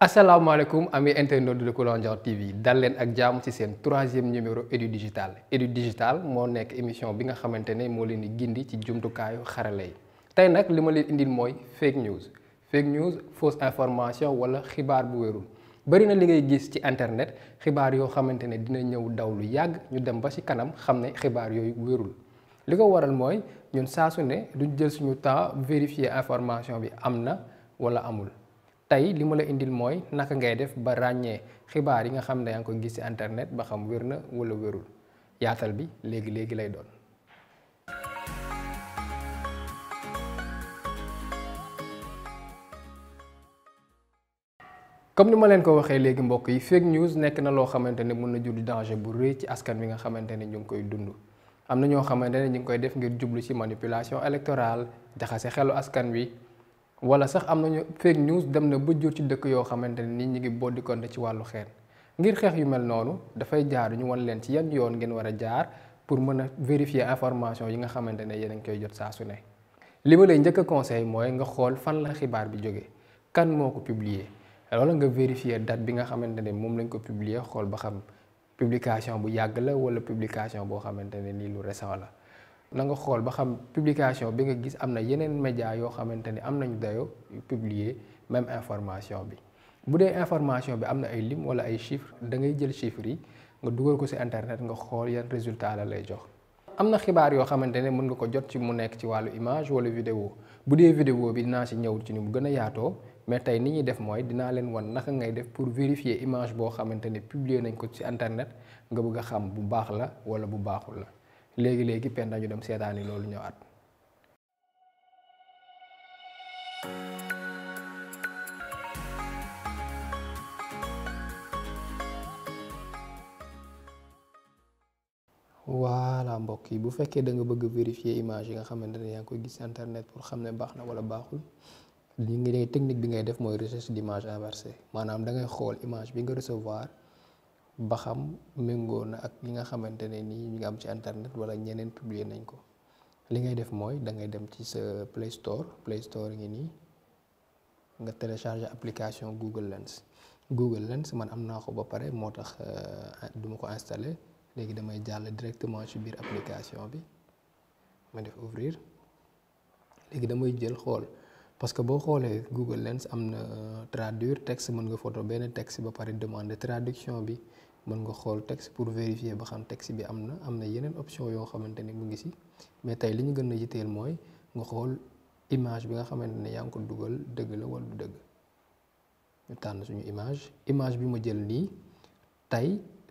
alaikum. ami internautes de Kulanjan TV Dans Akjam, ak ci troisième numéro Edu Digital Edu Digital mon que émission bi nga ne gindi ci je li fake news fake news fausse information ou la bu wérul bëri na li ngay internet xibaar yo xamantene dina ñew daw lu ñu dem ba ci kanam xam xibaar li ko waral moy ñun ne vérifier information bi amna ou wala amul. tey li ma la indil mooy naka ngay def ba ràññee xibaar yi nga xam ne yaa ngi ko gis ci internet ba xam wér na wala wérul yaatal bi léegi léegi lay doon. comme ni ma leen ko waxee léegi mbokk yi fake news nekk na loo xamante mën na jur danger bu rëy ci askan wi nga xamante ne ñu ngi koy dund am na ñoo xamante ne ñu ngi koy def ngir jublu ci manipulation électorale jaxase xelu askan wi. wala sax am nañu fake news dem na ba jur ci dëkk yoo xamante ni nit ñi ngi boddikonte ci wàllu xeen ngir xeex yu mel noonu dafay jaar ñu wan leen ci yan yoon ngeen war a jaar pour mën a vérifier information yi nga xamante ne yéen a koy jot saa su ne li ma lay njëkk conseil mooy nga xool fan la xibaar bi jóge kan moo ko publier loolu nga vérifier date bi nga xamante ne moom lañ ko publier xool ba xam publication bu yàgg la wala publication boo xamante ne nii lu récent la. na nga xool ba xam publication bi nga gis am na yeneen média yoo xamante ni am nañu dayo publier même information bi bu dee information bi am na ay lim wala ay chiffres da ngay jël chiffres yi nga dugal ko ci internet nga xool yan résultat la lay jox. am na xibaar yoo xamante ne mën nga ko jot ci mu nekk ci wàllu image wala vidéo bu dee vidéo bi dinaa si ñëw ci ni mu gën a yaatoo mais tey ni ñuy def mooy dinaa leen wan naka ngay def pour vérifier image boo xamante ne publier nañ ko ci internet nga bëgg a xam bu baax la wala bu baaxul la. léegi léegi penda ñu dem sétani lolou ñëwaat. wala mbokk yi bu fekkee da nga bëgg vérifier image yi nga xamante ne ko gis internet pour xamné baxna wala baxul li ngi ne technique bi ngay def moy recherche d'image inversée manam da ngay xol image bi nga recevoir ba xam méngoo na ak li nga xamantene ni ñu nga am ci internet wala ñeneen publier nañ ko li ngay def moy da ngay dem ci ce play store play store ngi ni nga télécharger application google lens google lens man amna ko ba paré motax euh, duma ko installer légui damay jall directement ci bir application bi ma def ouvrir légui damay jël xol parce que bo xolé google lens amna euh, traduire texte mën nga photo ben texte ba paré demander traduction bi mën nga xool texte pour vérifier ba xam texte bi am na am na yeneen option yoo xamante ni mu ngi si mais tey li ñu gën a yitteel mooy nga xool image bi nga xamante ne yaa ngi ko dugal dëgg la wala du dëgg ñu tànn suñu image image bi ma jël nii tey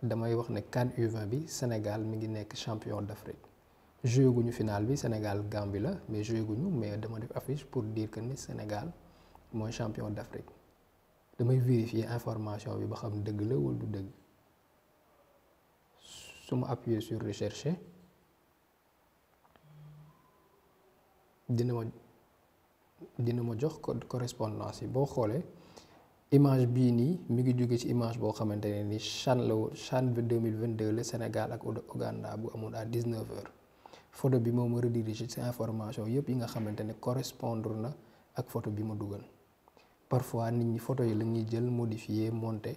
damay wax ne CAN U20 bi Sénégal mi ngi nekk champion d'Afrique joué guñu final bi Sénégal Gambie la mais joué guñu mais dama def affiche pour dire que ni Sénégal mooy champion d'Afrique damay vérifier information bi ba xam dëgg la wala du dëgg su ma appuyer sur rechercher dina ma dina ma jox correspondance yi boo image bii nii mi ngi jóge ci image boo xamante ne ni CHAN la woon CHAN bi 2022 la Sénégal ak Ouganda bu amoon à 19h photo bi moo ma redirigé ci information yëpp yi nga xamante ne correspondre na ak photo bi ma dugal parfois nit ñi photo yi la ñuy jël modifier monter.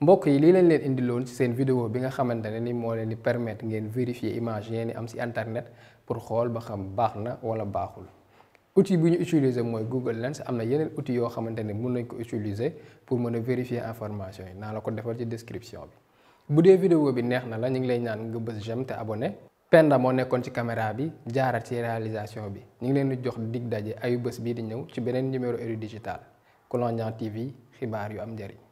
mbok yi li lañ leen indiloon ci seen vidéo bi nga xamante ni moo leen di permettre ngeen vérifier image yeen am ci internet pour xool ba xam baax na wala baaxul outil bi ñu utiliser mooy Google Lens am na yeneen outil yoo xamante ne mën nañ ko utiliser pour mën a vérifier information yi naa la ko defal ci description bi bu dee vidéo bi neex na la ñu ngi lay ñaan nga bës jëm te abonné Penda moo nekkoon ci caméra bi jaaral ci réalisation bi ñu ngi leen di jox dig daje ayu bés bii di ñëw ci beneen numéro Edu Digital Kulanjan TV xibaar yu am njëriñ